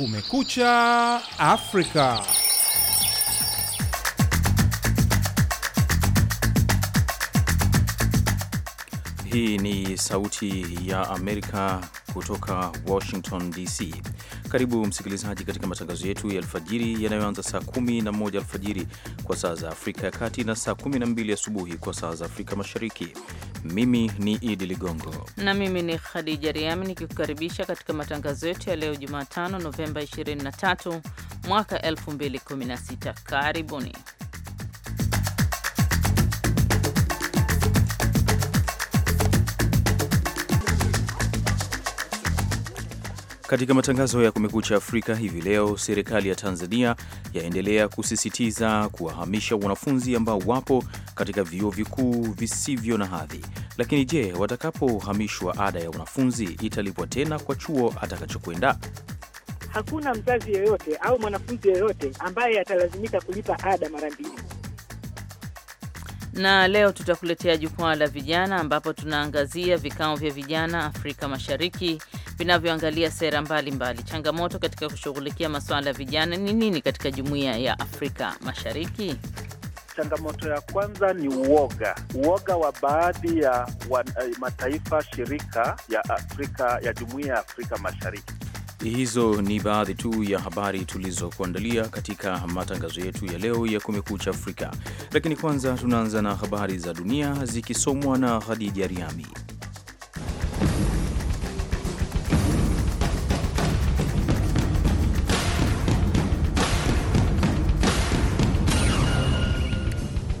Kumekucha Afrika. Hii ni sauti ya Amerika kutoka Washington DC. Karibu msikilizaji katika matangazo yetu ya alfajiri yanayoanza saa kumi na moja alfajiri kwa saa za Afrika ya Kati na saa kumi na mbili asubuhi kwa saa za Afrika Mashariki. Mimi ni Idi Ligongo na mimi ni Khadija Riami nikikukaribisha katika matangazo yetu ya leo Jumatano, Novemba 23 mwaka 2016. Karibuni. Katika matangazo ya Kumekucha Afrika hivi leo, serikali ya Tanzania yaendelea kusisitiza kuwahamisha wanafunzi ambao wapo katika vyuo vikuu visivyo na hadhi. Lakini je, watakapohamishwa ada ya wanafunzi italipwa tena kwa chuo atakachokwenda? Hakuna mzazi yeyote au mwanafunzi yeyote ambaye atalazimika kulipa ada mara mbili. Na leo tutakuletea jukwaa la vijana, ambapo tunaangazia vikao vya vijana Afrika Mashariki vinavyoangalia sera mbalimbali mbali. Changamoto katika kushughulikia masuala ya vijana ni nini katika jumuiya ya Afrika Mashariki? Changamoto ya kwanza ni uoga, uoga wa baadhi ya wa, uh, mataifa shirika ya Afrika ya jumuiya ya Afrika Mashariki. Hizo ni baadhi tu ya habari tulizokuandalia katika matangazo yetu ya leo ya Kumekucha Afrika, lakini kwanza tunaanza na habari za dunia zikisomwa na Khadija Riami.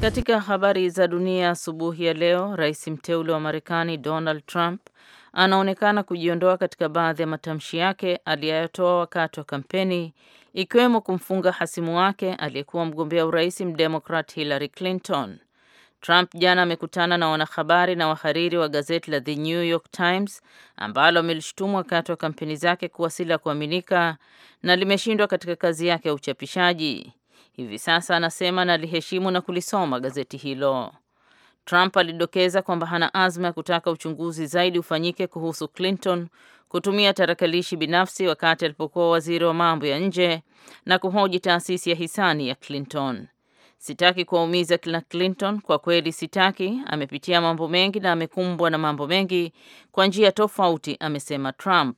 Katika habari za dunia asubuhi ya leo, rais mteule wa Marekani Donald Trump anaonekana kujiondoa katika baadhi ya matamshi yake aliyoyatoa wakati wa kampeni, ikiwemo kumfunga hasimu wake aliyekuwa mgombea urais mdemokrat Hillary Clinton. Trump jana amekutana na wanahabari na wahariri wa gazeti la The New York Times ambalo amelishutumu wakati wa kampeni zake kuwa si la kuaminika na limeshindwa katika kazi yake ya uchapishaji. Hivi sasa anasema naliheshimu na kulisoma gazeti hilo. Trump alidokeza kwamba hana azma ya kutaka uchunguzi zaidi ufanyike kuhusu Clinton kutumia tarakilishi binafsi wakati alipokuwa waziri wa mambo ya nje na kuhoji taasisi ya hisani ya Clinton. Sitaki kuwaumiza kina Clinton, kwa kweli sitaki. Amepitia mambo mengi na amekumbwa na mambo mengi kwa njia tofauti, amesema Trump.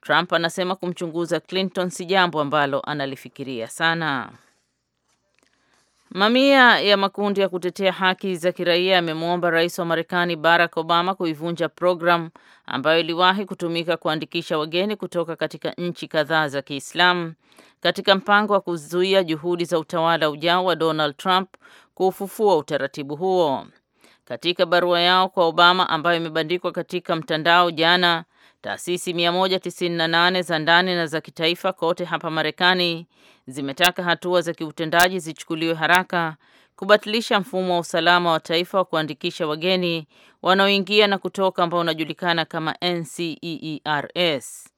Trump anasema kumchunguza Clinton si jambo ambalo analifikiria sana. Mamia ya makundi ya kutetea haki za kiraia yamemwomba rais wa Marekani Barack Obama kuivunja programu ambayo iliwahi kutumika kuandikisha wageni kutoka katika nchi kadhaa za Kiislamu katika mpango wa kuzuia juhudi za utawala ujao wa Donald Trump kuufufua utaratibu huo. Katika barua yao kwa Obama ambayo imebandikwa katika mtandao jana, Taasisi 198 za ndani na za kitaifa kote hapa Marekani zimetaka hatua za kiutendaji zichukuliwe haraka kubatilisha mfumo wa usalama wa taifa wa kuandikisha wageni wanaoingia na kutoka ambao unajulikana kama NCEERS.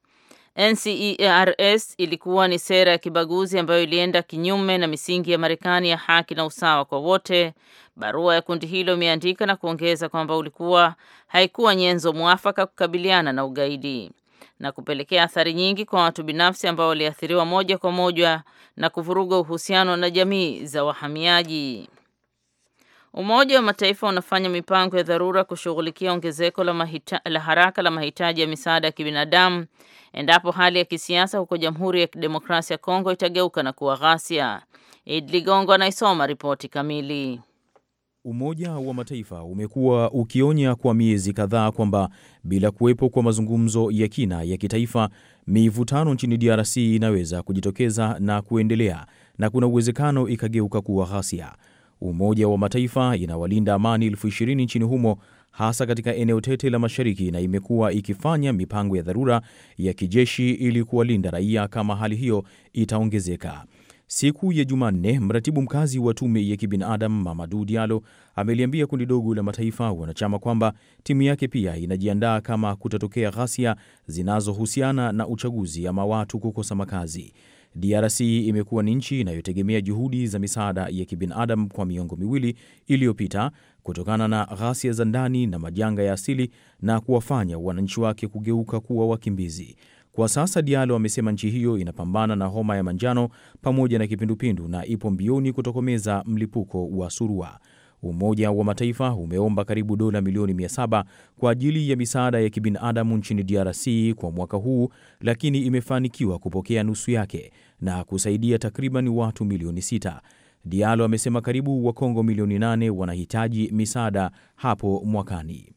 NCERS e ilikuwa ni sera ya kibaguzi ambayo ilienda kinyume na misingi ya Marekani ya haki na usawa kwa wote Barua ya kundi hilo imeandika na kuongeza kwamba ulikuwa haikuwa nyenzo mwafaka kukabiliana na ugaidi na kupelekea athari nyingi kwa watu binafsi ambao waliathiriwa moja kwa moja na kuvuruga uhusiano na jamii za wahamiaji. Umoja wa Mataifa unafanya mipango ya dharura kushughulikia ongezeko la, la haraka la mahitaji ya misaada ya kibinadamu endapo hali ya kisiasa huko Jamhuri ya Kidemokrasia ya Kongo itageuka na kuwa ghasia. Id Ligongo anaisoma ripoti kamili. Umoja wa Mataifa umekuwa ukionya kwa miezi kadhaa kwamba bila kuwepo kwa mazungumzo ya kina ya kitaifa, mivutano nchini DRC inaweza kujitokeza na kuendelea na kuna uwezekano ikageuka kuwa ghasia. Umoja wa Mataifa inawalinda amani elfu ishirini nchini humo hasa katika eneo tete la mashariki na imekuwa ikifanya mipango ya dharura ya kijeshi ili kuwalinda raia kama hali hiyo itaongezeka. Siku ya Jumanne, mratibu mkazi wa tume ya kibinadamu Mamadu dialo ameliambia kundi dogo la mataifa wanachama kwamba timu yake pia inajiandaa kama kutatokea ghasia zinazohusiana na uchaguzi ama watu kukosa makazi. DRC imekuwa ni nchi inayotegemea juhudi za misaada ya kibinadamu kwa miongo miwili iliyopita kutokana na ghasia za ndani na majanga ya asili na kuwafanya wananchi wake kugeuka kuwa wakimbizi. Kwa sasa dialo amesema nchi hiyo inapambana na homa ya manjano pamoja na kipindupindu na ipo mbioni kutokomeza mlipuko wa surua. Umoja wa Mataifa umeomba karibu dola milioni 700 kwa ajili ya misaada ya kibinadamu nchini DRC kwa mwaka huu, lakini imefanikiwa kupokea nusu yake na kusaidia takriban watu milioni 6. dialo amesema karibu Wakongo milioni 8 wanahitaji misaada hapo mwakani.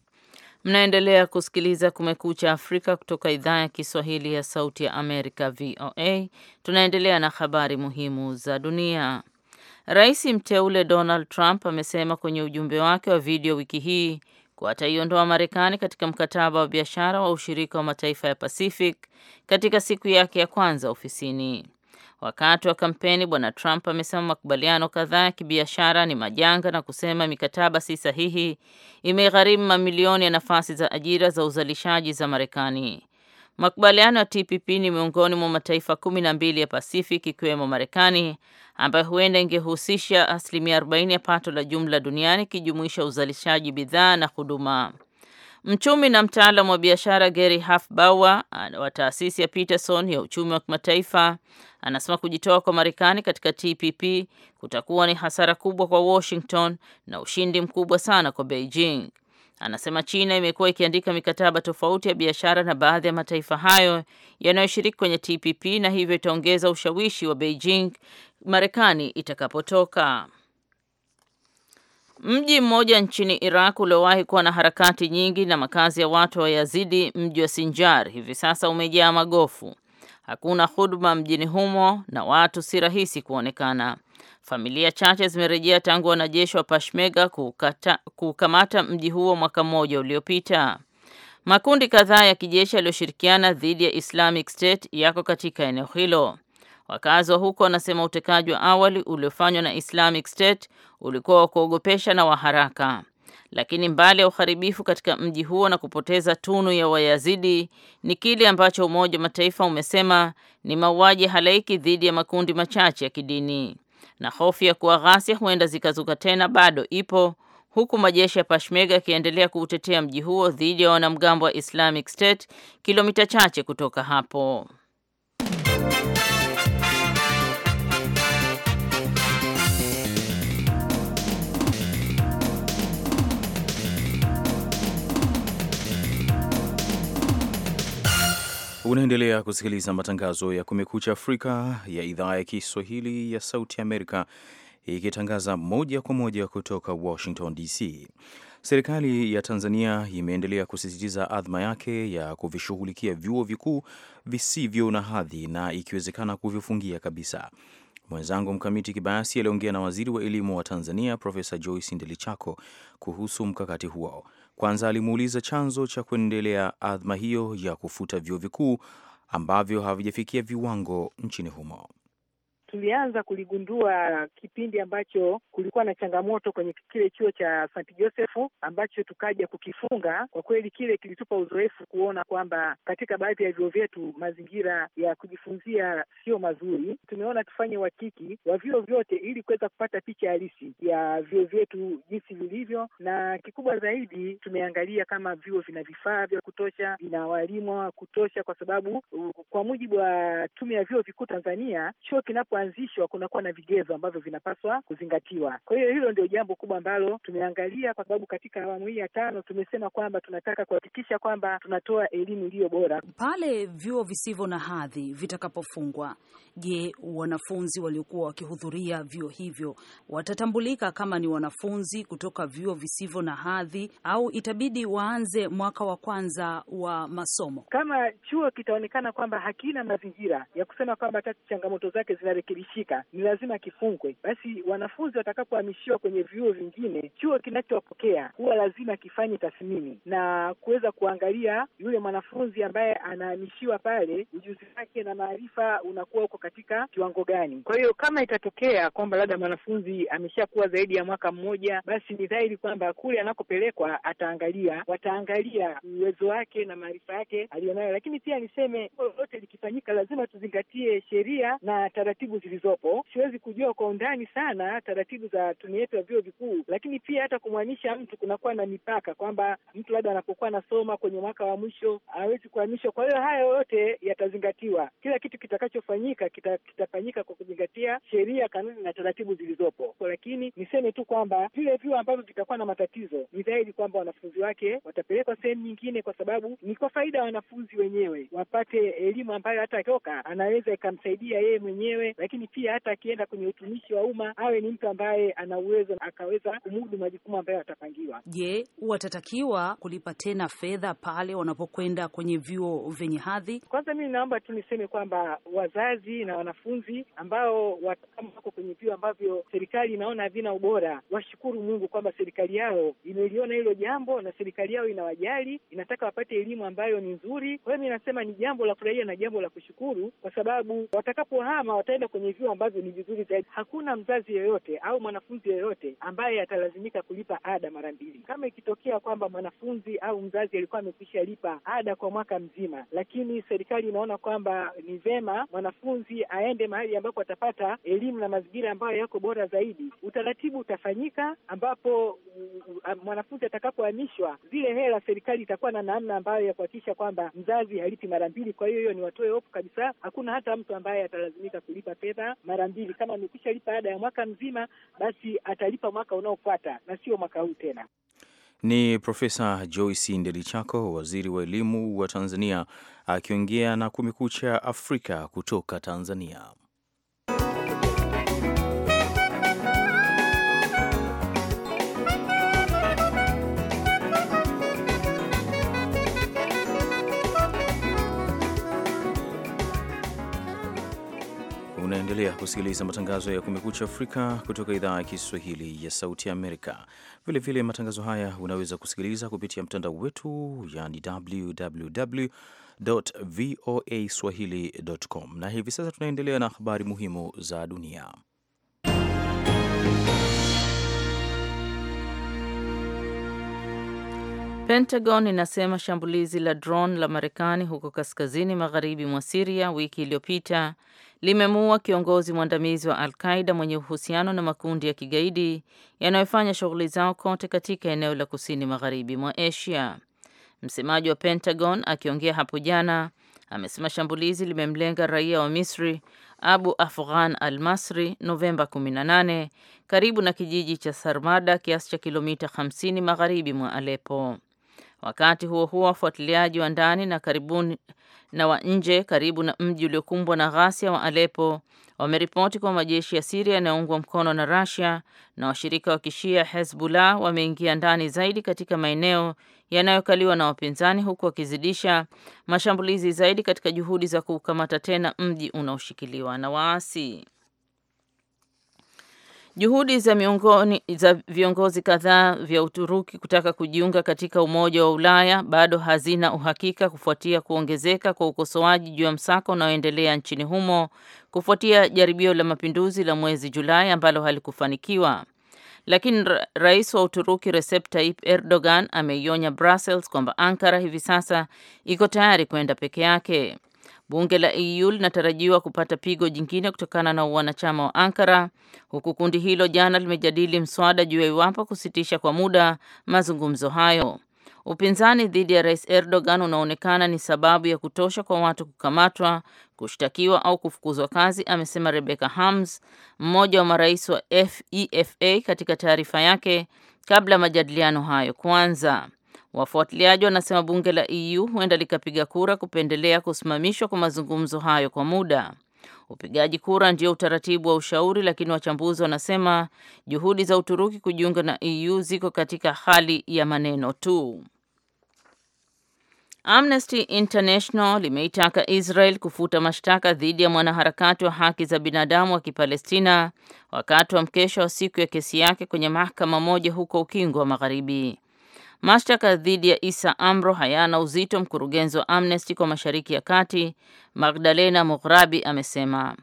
Mnaendelea kusikiliza Kumekucha Afrika kutoka idhaa ya Kiswahili ya Sauti ya Amerika, VOA. Tunaendelea na habari muhimu za dunia. Rais mteule Donald Trump amesema kwenye ujumbe wake wa video wiki hii kuwa ataiondoa Marekani katika mkataba wa biashara wa ushirika wa mataifa ya Pacific katika siku yake ya kwanza ofisini. Wakati wa kampeni, bwana Trump amesema makubaliano kadhaa ya kibiashara ni majanga na kusema mikataba si sahihi imegharimu mamilioni ya nafasi za ajira za uzalishaji za Marekani. Makubaliano ya TPP ni miongoni mwa mataifa kumi na mbili ya Pacific ikiwemo Marekani ambayo huenda ingehusisha asilimia 40 ya pato la jumla duniani ikijumuisha uzalishaji bidhaa na huduma. Mchumi na mtaalam wa biashara Gary Hufbauer ah, wa taasisi ya Peterson ya uchumi wa kimataifa anasema kujitoa kwa Marekani katika TPP kutakuwa ni hasara kubwa kwa Washington na ushindi mkubwa sana kwa Beijing. Anasema China imekuwa ikiandika mikataba tofauti ya biashara na baadhi ya mataifa hayo yanayoshiriki kwenye TPP na hivyo itaongeza ushawishi wa Beijing Marekani itakapotoka. Mji mmoja nchini Iraq uliowahi kuwa na harakati nyingi na makazi ya watu wa Yazidi, mji wa Sinjar, hivi sasa umejaa magofu. Hakuna huduma mjini humo na watu si rahisi kuonekana. Familia chache zimerejea tangu wanajeshi wa Peshmerga kukamata mji huo mwaka mmoja uliopita. Makundi kadhaa ya kijeshi yaliyoshirikiana dhidi ya Islamic State yako katika eneo hilo. Wakazi wa huko wanasema utekaji wa awali uliofanywa na Islamic State ulikuwa wa kuogopesha na wa haraka. Lakini mbali ya uharibifu katika mji huo na kupoteza tunu ya Wayazidi ni kile ambacho Umoja wa Mataifa umesema ni mauaji halaiki dhidi ya makundi machache ya kidini, na hofu ya kuwa ghasia huenda zikazuka tena bado ipo, huku majeshi ya Peshmerga yakiendelea kuutetea mji huo dhidi ya wanamgambo wa Islamic State kilomita chache kutoka hapo. Unaendelea kusikiliza matangazo ya Kumekucha Afrika ya idhaa ya Kiswahili ya Sauti Amerika ikitangaza moja kwa moja kutoka Washington DC. Serikali ya Tanzania imeendelea kusisitiza adhma yake ya kuvishughulikia vyuo vikuu visivyo na hadhi na ikiwezekana kuvifungia kabisa. Mwenzangu Mkamiti Kibayasi aliongea na waziri wa elimu wa Tanzania Profesa Joyce Ndelichako kuhusu mkakati huo. Kwanza alimuuliza chanzo cha kuendelea adhma hiyo ya kufuta vyuo vikuu ambavyo havijafikia viwango nchini humo tulianza kuligundua kipindi ambacho kulikuwa na changamoto kwenye kile chuo cha St. josefu ambacho tukaja kukifunga. Kwa kweli kile kilitupa uzoefu kuona kwamba katika baadhi ya vyuo vyetu mazingira ya kujifunzia sio mazuri. Tumeona tufanye uhakiki wa vyuo vyote ili kuweza kupata picha halisi ya vyuo vyetu jinsi vilivyo, na kikubwa zaidi tumeangalia kama vyuo vina vifaa vya kutosha, vina walimu wa kutosha, kwa sababu kwa mujibu wa Tume ya Vyuo Vikuu Tanzania, chuo kinapo kuanzishwa kunakuwa na vigezo ambavyo vinapaswa kuzingatiwa. Kwa hiyo hilo ndio jambo kubwa ambalo tumeangalia, kwa sababu katika awamu hii ya tano tumesema kwamba tunataka kuhakikisha kwamba tunatoa elimu iliyo bora. Pale vyuo visivyo na hadhi vitakapofungwa, je, wanafunzi waliokuwa wakihudhuria vyuo hivyo watatambulika kama ni wanafunzi kutoka vyuo visivyo na hadhi au itabidi waanze mwaka wa kwanza wa masomo? Kama chuo kitaonekana kwamba hakina mazingira ya kusema kwamba hata changamoto zake zinarekebishwa kilishika ni lazima kifungwe. Basi wanafunzi watakapohamishiwa kwenye vyuo vingine, chuo kinachopokea huwa lazima kifanye tathmini na kuweza kuangalia yule mwanafunzi ambaye anahamishiwa pale, ujuzi wake na maarifa unakuwa uko katika kiwango gani. Kwa hiyo kama itatokea kwamba labda mwanafunzi ameshakuwa zaidi ya mwaka mmoja, basi ni dhahiri kwamba kule anakopelekwa ataangalia, wataangalia uwezo wake na maarifa yake aliyonayo. Lakini pia niseme, lolote likifanyika lazima tuzingatie sheria na taratibu zilizopo. Siwezi kujua kwa undani sana taratibu za tume yetu ya vyuo vikuu, lakini pia hata kumwanisha mtu kunakuwa na mipaka, kwamba mtu labda anapokuwa anasoma kwenye mwaka wa mwisho hawezi kuhamishwa. Kwa hiyo haya yote yatazingatiwa, kila kitu kitakachofanyika kitafanyika kita kwa kuzingatia sheria, kanuni na taratibu zilizopo. Lakini niseme tu kwamba vile vyuo ambavyo vitakuwa na matatizo, ni dhahiri kwamba wanafunzi wake watapelekwa sehemu nyingine, kwa sababu ni kwa faida ya wanafunzi wenyewe, wapate elimu ambayo hata toka anaweza ikamsaidia yeye mwenyewe lakini pia hata akienda kwenye utumishi wa umma awe ni mtu ambaye ana uwezo akaweza kumudu majukumu ambayo atapangiwa. Je, watatakiwa kulipa tena fedha pale wanapokwenda kwenye vyuo vyenye hadhi? Kwanza mimi naomba tu niseme kwamba wazazi na wanafunzi ambao kama wako kwenye vyuo ambavyo serikali inaona havina ubora, washukuru Mungu kwamba serikali yao imeliona hilo jambo na serikali yao inawajali, inataka wapate elimu ambayo ni nzuri. Kwa hiyo mi nasema ni jambo la furahia na jambo la kushukuru, kwa sababu watakapohama wataenda kwenye vyuo ambavyo ni vizuri zaidi. Hakuna mzazi yeyote au mwanafunzi yeyote ambaye atalazimika kulipa ada mara mbili. Kama ikitokea kwamba mwanafunzi au mzazi alikuwa amekwisha lipa ada kwa mwaka mzima, lakini serikali inaona kwamba ni vema mwanafunzi aende mahali ambapo atapata elimu na mazingira ambayo yako bora zaidi, utaratibu utafanyika ambapo mwanafunzi atakapohamishwa, zile hela serikali itakuwa na namna ambayo ya kuhakikisha kwamba mzazi halipi mara mbili. Kwa hiyo hiyo ni watoe hofu kabisa, hakuna hata mtu ambaye atalazimika kulipa fedha mara mbili. Kama lipa ada ya mwaka mzima, basi atalipa mwaka unaofuata na sio mwaka huu tena. Ni Profesa Joyce Ndelichako, waziri wa elimu wa Tanzania, akiongea na Kumekucha Afrika kutoka Tanzania. Unaendelea kusikiliza matangazo ya Kumekucha Afrika kutoka idhaa ya Kiswahili ya Sauti Amerika. Vilevile matangazo haya unaweza kusikiliza kupitia mtandao wetu, yani www voa swahili.com. Na hivi sasa tunaendelea na habari muhimu za dunia. Pentagon inasema shambulizi la drone la Marekani huko kaskazini magharibi mwa Siria wiki iliyopita limemuua kiongozi mwandamizi wa Al-Qaida mwenye uhusiano na makundi ya kigaidi yanayofanya shughuli zao kote katika eneo la kusini magharibi mwa Asia. Msemaji wa Pentagon akiongea hapo jana amesema shambulizi limemlenga raia wa Misri Abu Afghan al-Masri Novemba 18 karibu na kijiji cha Sarmada kiasi cha kilomita 50 magharibi mwa Aleppo. Wakati huo huo, wafuatiliaji wa ndani na karibuni na wa nje karibu na mji uliokumbwa na ghasia wa Aleppo wameripoti kwa majeshi ya Syria yanayoungwa mkono na Russia na washirika wa Kishia Hezbollah wameingia ndani zaidi katika maeneo yanayokaliwa na wapinzani huku wakizidisha mashambulizi zaidi katika juhudi za kukamata tena mji unaoshikiliwa na waasi. Juhudi za miongoni za viongozi kadhaa vya Uturuki kutaka kujiunga katika Umoja wa Ulaya bado hazina uhakika kufuatia kuongezeka kwa ukosoaji juu ya msako unaoendelea nchini humo kufuatia jaribio la mapinduzi la mwezi Julai ambalo halikufanikiwa. Lakini ra rais wa Uturuki Recep Tayyip Erdogan ameionya Brussels kwamba Ankara hivi sasa iko tayari kwenda peke yake. Bunge la EU linatarajiwa kupata pigo jingine kutokana na uwanachama wa Ankara, huku kundi hilo jana limejadili mswada juu ya iwapo kusitisha kwa muda mazungumzo hayo. Upinzani dhidi ya Rais Erdogan unaonekana ni sababu ya kutosha kwa watu kukamatwa, kushtakiwa au kufukuzwa kazi, amesema Rebecca Harms, mmoja wa marais wa fefa katika taarifa yake kabla ya majadiliano hayo kuanza. Wafuatiliaji wanasema bunge la EU huenda likapiga kura kupendelea kusimamishwa kwa mazungumzo hayo kwa muda. Upigaji kura ndio utaratibu wa ushauri, lakini wachambuzi wanasema juhudi za Uturuki kujiunga na EU ziko katika hali ya maneno tu. Amnesty International limeitaka Israel kufuta mashtaka dhidi ya mwanaharakati wa haki za binadamu wa Kipalestina wakati wa mkesha wa siku ya kesi yake kwenye mahakama moja huko Ukingo wa Magharibi. Mashtaka dhidi ya isa Amro hayana uzito, mkurugenzi wa Amnesty kwa Mashariki ya Kati Magdalena Mughrabi amesema.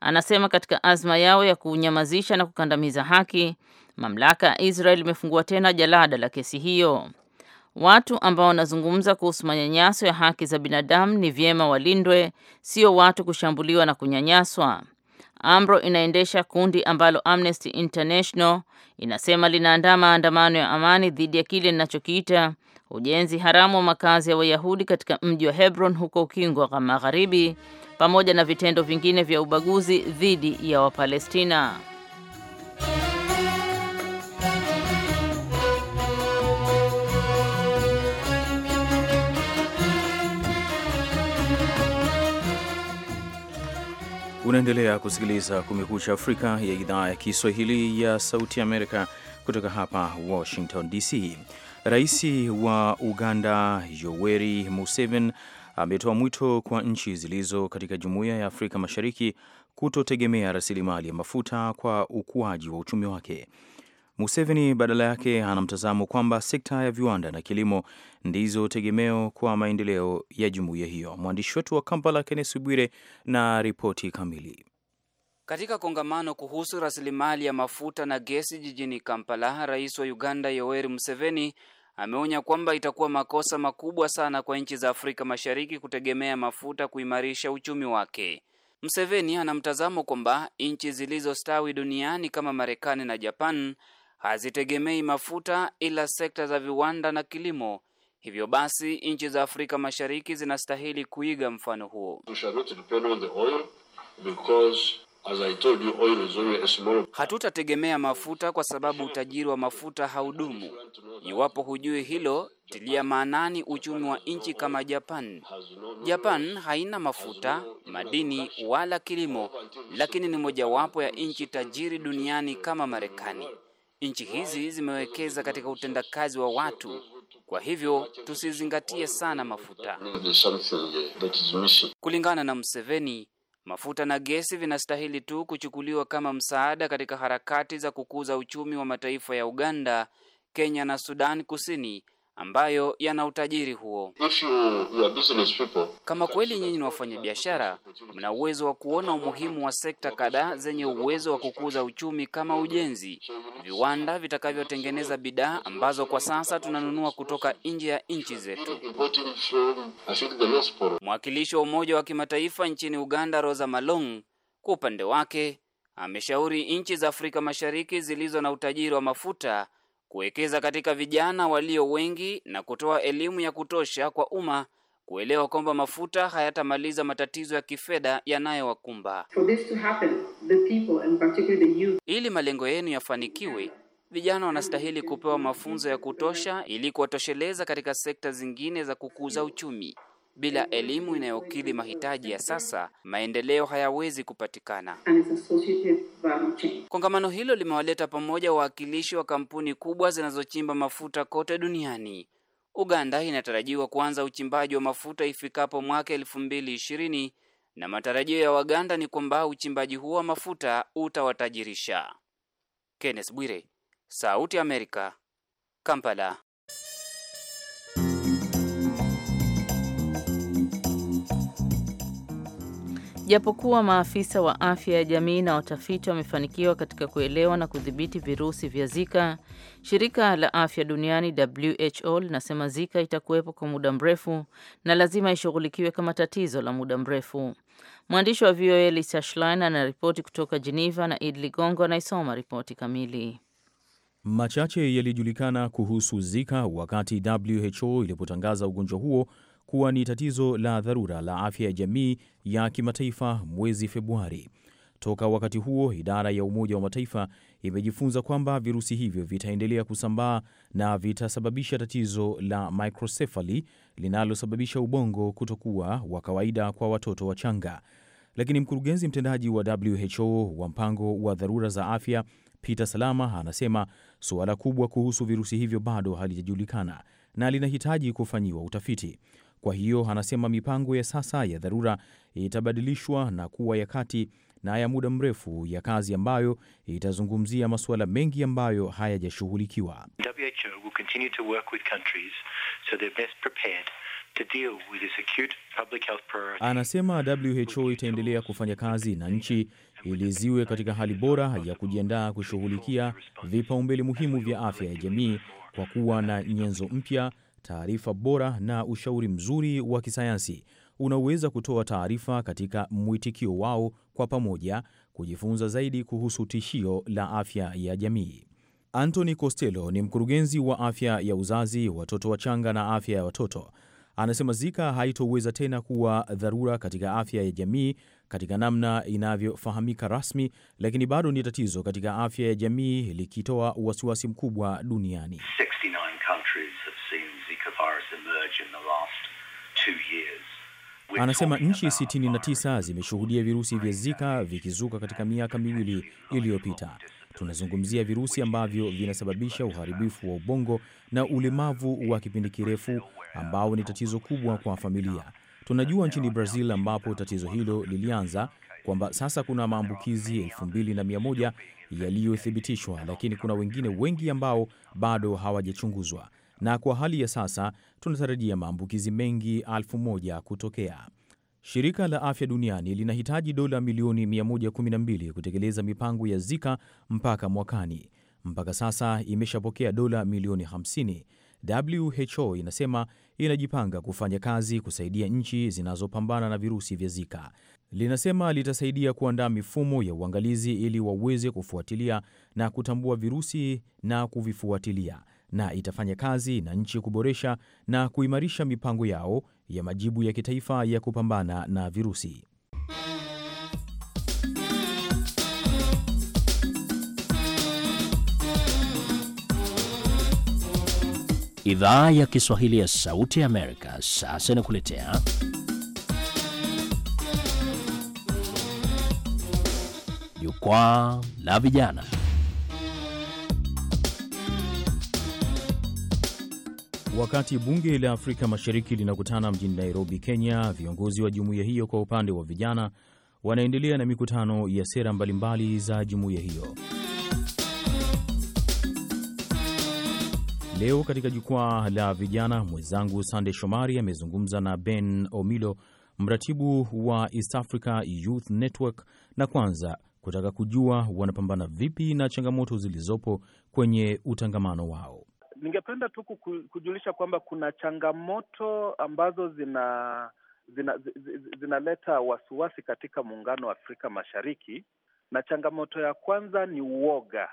Anasema katika azma yao ya kunyamazisha na kukandamiza haki, mamlaka ya Israel imefungua tena jalada la kesi hiyo. Watu ambao wanazungumza kuhusu manyanyaso ya haki za binadamu ni vyema walindwe, sio watu kushambuliwa na kunyanyaswa. AMRO inaendesha kundi ambalo Amnesty International inasema linaandaa maandamano ya amani dhidi ya kile linachokiita ujenzi haramu wa makazi ya Wayahudi katika mji wa Hebron huko Ukingo wa Magharibi pamoja na vitendo vingine vya ubaguzi dhidi ya Wapalestina. Unaendelea kusikiliza Kumekucha Afrika ya idhaa ya Kiswahili ya Sauti Amerika kutoka hapa Washington DC. Rais wa Uganda Yoweri Museveni ametoa mwito kwa nchi zilizo katika Jumuiya ya Afrika Mashariki kutotegemea rasilimali ya mafuta kwa ukuaji wa uchumi wake. Museveni badala yake ana mtazamo kwamba sekta ya viwanda na kilimo ndizo tegemeo kwa maendeleo ya jumuiya hiyo. Mwandishi wetu wa Kampala, Kennesi Bwire, na ripoti kamili. Katika kongamano kuhusu rasilimali ya mafuta na gesi jijini Kampala, rais wa Uganda Yoweri Museveni ameonya kwamba itakuwa makosa makubwa sana kwa nchi za Afrika Mashariki kutegemea mafuta kuimarisha uchumi wake. Museveni ana mtazamo kwamba nchi zilizostawi duniani kama Marekani na Japan hazitegemei mafuta ila sekta za viwanda na kilimo. Hivyo basi nchi za Afrika Mashariki zinastahili kuiga mfano huo. Hatutategemea mafuta kwa sababu utajiri wa mafuta haudumu. Iwapo hujui hilo, tilia maanani uchumi wa nchi kama Japan. Japan haina mafuta, madini wala kilimo, lakini ni mojawapo ya nchi tajiri duniani kama Marekani. Nchi hizi zimewekeza katika utendakazi wa watu, kwa hivyo tusizingatie sana mafuta. Kulingana na Museveni, mafuta na gesi vinastahili tu kuchukuliwa kama msaada katika harakati za kukuza uchumi wa mataifa ya Uganda, Kenya na Sudan Kusini ambayo yana utajiri huo. Kama kweli nyinyi ni wafanyabiashara, mna uwezo wa kuona umuhimu wa sekta kadhaa zenye uwezo wa kukuza uchumi kama ujenzi, viwanda vitakavyotengeneza bidhaa ambazo kwa sasa tunanunua kutoka nje ya nchi zetu. Mwakilishi wa Umoja wa Kimataifa nchini Uganda, Rosa Malong, kwa upande wake ameshauri nchi za Afrika Mashariki zilizo na utajiri wa mafuta kuwekeza katika vijana walio wengi na kutoa elimu ya kutosha kwa umma kuelewa kwamba mafuta hayatamaliza matatizo ya kifedha yanayowakumba. Ili malengo yenu yafanikiwe, vijana wanastahili kupewa mafunzo ya kutosha ili kuwatosheleza katika sekta zingine za kukuza uchumi. Bila elimu inayokidhi mahitaji ya sasa, maendeleo hayawezi kupatikana. Kongamano hilo limewaleta pamoja wawakilishi wa kampuni kubwa zinazochimba mafuta kote duniani. Uganda inatarajiwa kuanza uchimbaji wa mafuta ifikapo mwaka elfu mbili ishirini na matarajio ya Waganda ni kwamba uchimbaji huo wa mafuta utawatajirisha. Kenneth Bwire, Sauti ya Amerika, Kampala. Japokuwa maafisa wa afya ya jamii na watafiti wamefanikiwa katika kuelewa na kudhibiti virusi vya Zika, shirika la afya duniani WHO linasema Zika itakuwepo kwa muda mrefu na lazima ishughulikiwe kama tatizo la muda mrefu. Mwandishi wa VOA Lisa Schlein anaripoti kutoka Geneva na Id Ligongo anaisoma ripoti kamili. Machache yalijulikana kuhusu Zika wakati WHO ilipotangaza ugonjwa huo kuwa ni tatizo la dharura la afya ya jamii ya kimataifa mwezi Februari. Toka wakati huo, idara ya Umoja wa Mataifa imejifunza kwamba virusi hivyo vitaendelea kusambaa na vitasababisha tatizo la microsefali linalosababisha ubongo kutokuwa wa kawaida kwa watoto wachanga. Lakini mkurugenzi mtendaji wa WHO wa mpango wa dharura za afya Peter Salama anasema suala kubwa kuhusu virusi hivyo bado halijajulikana na linahitaji kufanyiwa utafiti. Kwa hiyo anasema mipango ya sasa ya dharura itabadilishwa na kuwa ya kati na ya muda mrefu ya kazi ambayo itazungumzia masuala mengi ambayo hayajashughulikiwa. Anasema WHO itaendelea kufanya kazi na nchi ili ziwe katika hali bora ya kujiandaa kushughulikia vipaumbele muhimu vya afya ya jamii kwa kuwa na nyenzo mpya Taarifa bora na ushauri mzuri wa kisayansi unaweza kutoa taarifa katika mwitikio wao kwa pamoja kujifunza zaidi kuhusu tishio la afya ya jamii. Anthony Costello ni mkurugenzi wa afya ya uzazi, watoto wachanga na afya ya watoto. Anasema Zika haitoweza tena kuwa dharura katika afya ya jamii katika namna inavyofahamika rasmi, lakini bado ni tatizo katika afya ya jamii, likitoa wasiwasi mkubwa duniani. Anasema nchi 69 zimeshuhudia virusi vya Zika vikizuka katika miaka miwili iliyopita. Tunazungumzia virusi ambavyo vinasababisha uharibifu wa ubongo na ulemavu wa kipindi kirefu ambao ni tatizo kubwa kwa familia. Tunajua nchini Brazil ambapo tatizo hilo lilianza kwamba sasa kuna maambukizi 21 yaliyothibitishwa, lakini kuna wengine wengi ambao bado hawajachunguzwa, na kwa hali ya sasa tunatarajia maambukizi mengi 1 kutokea. Shirika la Afya Duniani linahitaji dola milioni 112 kutekeleza mipango ya Zika mpaka mwakani. Mpaka sasa imeshapokea dola milioni 50. WHO inasema inajipanga kufanya kazi kusaidia nchi zinazopambana na virusi vya Zika. Linasema litasaidia kuandaa mifumo ya uangalizi ili waweze kufuatilia na kutambua virusi na kuvifuatilia, na itafanya kazi na nchi kuboresha na kuimarisha mipango yao ya majibu ya kitaifa ya kupambana na virusi. Idhaa ya Kiswahili ya Sauti ya Amerika sasa inakuletea Jukwaa la Vijana. Wakati bunge la Afrika Mashariki linakutana mjini Nairobi, Kenya, viongozi wa jumuiya hiyo kwa upande wa vijana wanaendelea na mikutano ya sera mbalimbali za jumuiya hiyo. Leo katika jukwaa la vijana, mwenzangu Sande Shomari amezungumza na Ben Omilo, mratibu wa East Africa Youth Network, na kwanza kutaka kujua wanapambana vipi na changamoto zilizopo kwenye utangamano wao. Ningependa tu kujulisha kwamba kuna changamoto ambazo zina zinaleta zina, zina wasiwasi katika muungano wa Afrika Mashariki, na changamoto ya kwanza ni uoga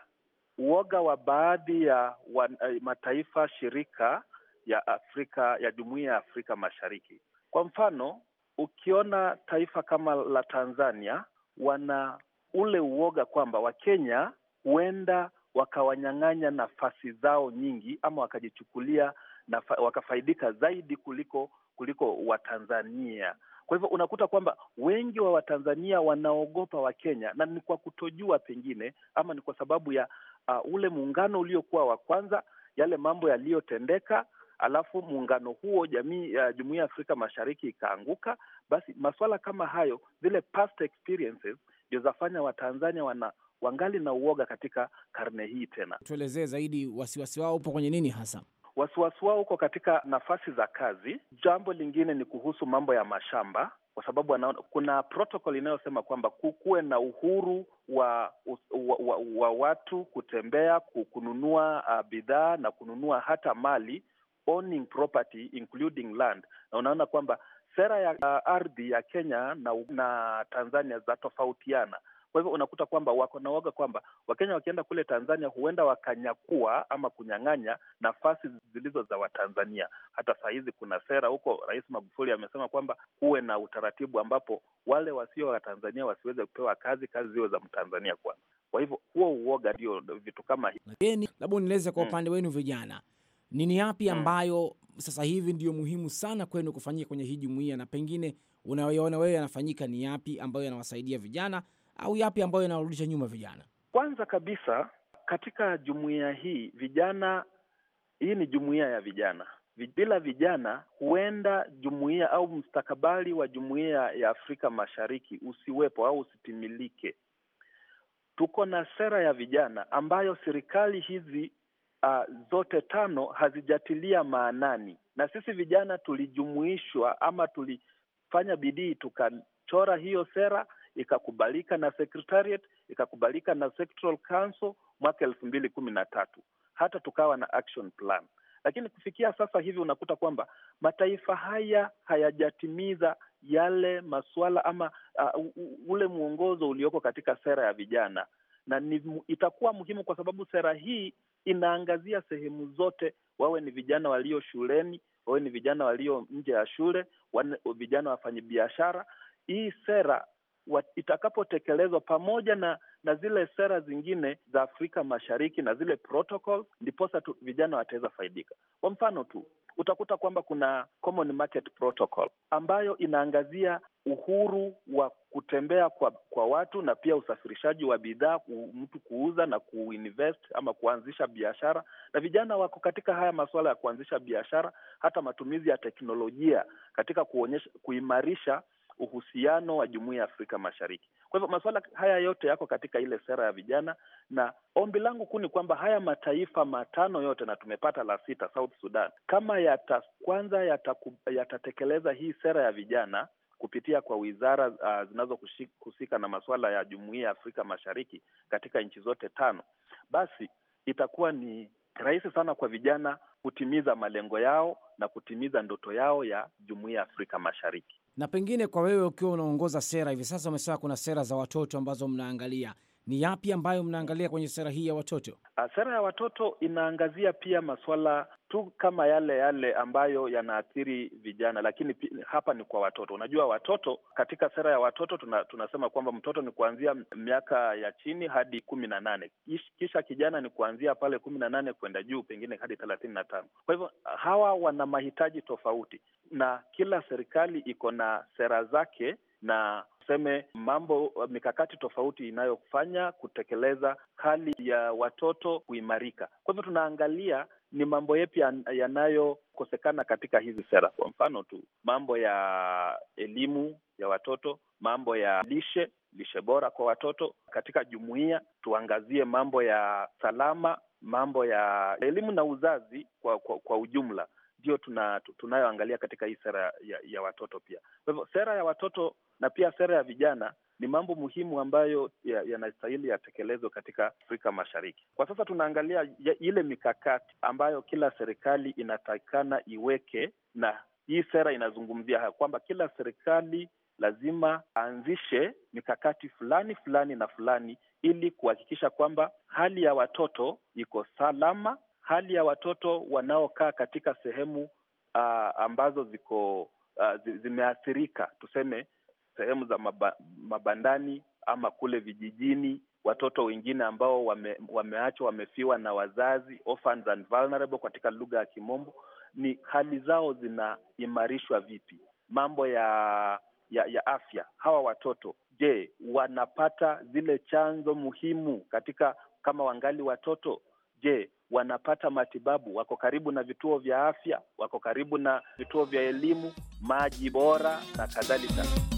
uoga wa baadhi ya wa, eh, mataifa shirika ya Afrika ya Jumuiya ya Afrika Mashariki. Kwa mfano, ukiona taifa kama la Tanzania wana ule uoga kwamba Wakenya huenda wakawanyang'anya nafasi zao nyingi ama wakajichukulia na wakafaidika zaidi kuliko kuliko Watanzania. Kwa hivyo unakuta kwamba wengi wa Watanzania wanaogopa Wakenya, na ni kwa kutojua pengine, ama ni kwa sababu ya uh, ule muungano uliokuwa wa kwanza, yale mambo yaliyotendeka, alafu muungano huo jamii ya uh, jumuiya ya Afrika Mashariki ikaanguka. Basi masuala kama hayo, zile past experiences ndio zafanya Watanzania wana wangali na uoga katika karne hii tena. Tuelezee zaidi, wasiwasi wao upo kwenye nini hasa? Wasiwasi wao uko katika nafasi za kazi. Jambo lingine ni kuhusu mambo ya mashamba kwa sababu wana, kuna protocol inayosema kwamba kukuwe na uhuru wa, wa, wa, wa watu kutembea kununua uh, bidhaa na kununua hata mali owning property including land, na unaona kwamba sera ya uh, ardhi ya Kenya na, na Tanzania zatofautiana. Kwa hivyo unakuta kwamba wako na uoga kwamba Wakenya wakienda kule Tanzania huenda wakanyakua ama kunyang'anya nafasi zilizo za Watanzania. Hata saa hizi kuna sera huko, Rais Magufuli amesema kwamba kuwe na utaratibu ambapo wale wasio Watanzania wasiweze kupewa kazi, kazi ziwe za Mtanzania kwanza. Kwa hivyo huo uoga ndio vitu kama hivi. Labda unieleze kwa hmm. upande hmm, wenu vijana nini yapi hmm. ambayo sasa hivi ndiyo muhimu sana kwenu kufanyika kwenye hii jumuia na pengine unayoona wewe yanafanyika ni yapi ambayo yanawasaidia vijana au yapi ambayo yanarudisha nyuma vijana? Kwanza kabisa katika jumuiya hii vijana, hii ni jumuiya ya vijana. Bila vijana, huenda jumuiya au mustakabali wa jumuiya ya Afrika Mashariki usiwepo au usitimilike. Tuko na sera ya vijana ambayo serikali hizi uh, zote tano hazijatilia maanani, na sisi vijana tulijumuishwa ama tulifanya bidii tukachora hiyo sera ikakubalika na secretariat ikakubalika na sectoral council mwaka elfu mbili kumi na tatu hata tukawa na action plan, lakini kufikia sasa hivi unakuta kwamba mataifa haya hayajatimiza yale masuala ama uh, ule mwongozo ulioko katika sera ya vijana, na ni, itakuwa muhimu kwa sababu sera hii inaangazia sehemu zote, wawe ni vijana walio shuleni, wawe ni vijana walio nje ya shule, vijana biashara Hii sera itakapotekelezwa pamoja na na zile sera zingine za Afrika Mashariki na zile protocol, ndiposa tu vijana wataweza faidika. Kwa mfano tu utakuta kwamba kuna Common Market Protocol ambayo inaangazia uhuru wa kutembea kwa kwa watu na pia usafirishaji wa bidhaa, mtu kuuza na kuinvest ama kuanzisha biashara, na vijana wako katika haya masuala ya kuanzisha biashara, hata matumizi ya teknolojia katika kuonyesha, kuimarisha uhusiano wa jumuiya ya Afrika Mashariki. Kwa hivyo masuala haya yote yako katika ile sera ya vijana, na ombi langu kuu ni kwamba haya mataifa matano yote, na tumepata la sita, South Sudan, kama yata kwanza yatatekeleza yata hii sera ya vijana kupitia kwa wizara uh, zinazohusika na masuala ya jumuiya ya Afrika Mashariki katika nchi zote tano, basi itakuwa ni rahisi sana kwa vijana kutimiza malengo yao na kutimiza ndoto yao ya jumuiya ya Afrika Mashariki. Na pengine kwa wewe ukiwa unaongoza sera hivi sasa, umesema kuna sera za watoto ambazo mnaangalia, ni yapi ambayo mnaangalia kwenye sera hii ya watoto? Ah, sera ya watoto inaangazia pia masuala tu kama yale yale ambayo yanaathiri vijana, lakini hapa ni kwa watoto. Unajua, watoto katika sera ya watoto tuna, tunasema kwamba mtoto ni kuanzia miaka ya chini hadi kumi na nane kisha kijana ni kuanzia pale kumi na nane kwenda juu, pengine hadi thelathini na tano. Kwa hivyo hawa wana mahitaji tofauti, na kila serikali iko na sera zake na Tuseme mambo mikakati tofauti inayofanya kutekeleza hali ya watoto kuimarika. Kwa hivyo tunaangalia ni mambo yepi yanayokosekana katika hizi sera. Kwa mfano tu mambo ya elimu ya watoto, mambo ya lishe, lishe bora kwa watoto katika jumuiya. Tuangazie mambo ya salama, mambo ya elimu na uzazi kwa, kwa, kwa ujumla ndio tunayoangalia katika hii sera ya, ya watoto pia. Kwa hivyo sera ya watoto na pia sera ya vijana ni mambo muhimu ambayo yanastahili ya yatekelezwe katika Afrika Mashariki. Kwa sasa tunaangalia ile mikakati ambayo kila serikali inatakikana iweke, na hii sera inazungumzia kwamba kila serikali lazima aanzishe mikakati fulani fulani na fulani ili kuhakikisha kwamba hali ya watoto iko salama, hali ya watoto wanaokaa katika sehemu uh, ambazo ziko uh, zimeathirika tuseme sehemu za maba, mabandani ama kule vijijini, watoto wengine ambao wame, wameachwa wamefiwa na wazazi, orphans and vulnerable katika lugha ya Kimombo, ni hali zao zinaimarishwa vipi? Mambo ya ya, ya afya hawa watoto, je, wanapata zile chanzo muhimu katika kama wangali watoto? Je, wanapata matibabu? Wako karibu na vituo vya afya? Wako karibu na vituo vya elimu, maji bora na kadhalika?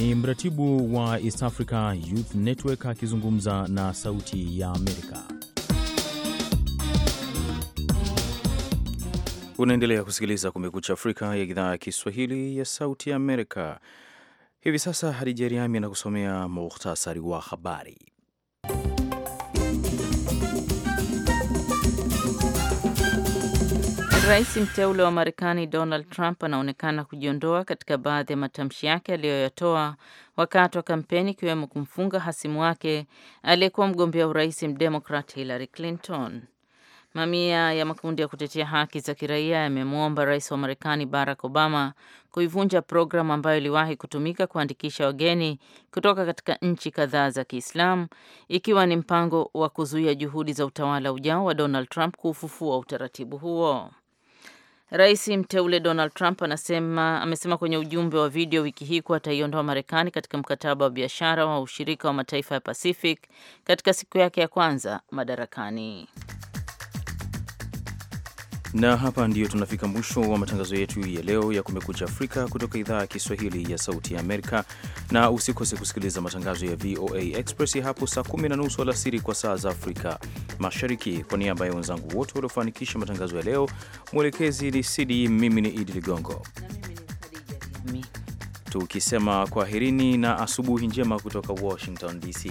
Ni mratibu wa East Africa Youth Network akizungumza na Sauti ya Amerika. Unaendelea kusikiliza Kumekucha Afrika ya idhaa ya Kiswahili ya Sauti ya Amerika. Hivi sasa Hadija Riami anakusomea muhtasari wa habari. Rais mteule wa Marekani Donald Trump anaonekana kujiondoa katika baadhi ya matamshi yake aliyoyatoa wakati wa kampeni, ikiwemo kumfunga hasimu wake aliyekuwa mgombea urais mdemokrat Hillary Clinton. Mamia ya makundi ya kutetea haki za kiraia yamemwomba rais wa Marekani Barack Obama kuivunja programu ambayo iliwahi kutumika kuandikisha wageni kutoka katika nchi kadhaa za Kiislamu, ikiwa ni mpango wa kuzuia juhudi za utawala ujao wa Donald Trump kuufufua utaratibu huo. Rais mteule Donald Trump anasema amesema kwenye ujumbe wa video wiki hii kuwa ataiondoa Marekani katika mkataba wa biashara wa ushirika wa mataifa ya Pacific katika siku yake ya kwanza madarakani. Na hapa ndiyo tunafika mwisho wa matangazo yetu ya leo ya Kumekucha Afrika kutoka idhaa ya Kiswahili ya Sauti ya Amerika, na usikose kusikiliza matangazo ya VOA Express hapo saa kumi na nusu alasiri kwa saa za Afrika Mashariki. Kwa niaba ya wenzangu wote waliofanikisha matangazo ya leo, mwelekezi ni cd mimi ni Idi Ligongo tukisema kwaherini na asubuhi njema kutoka Washington DC.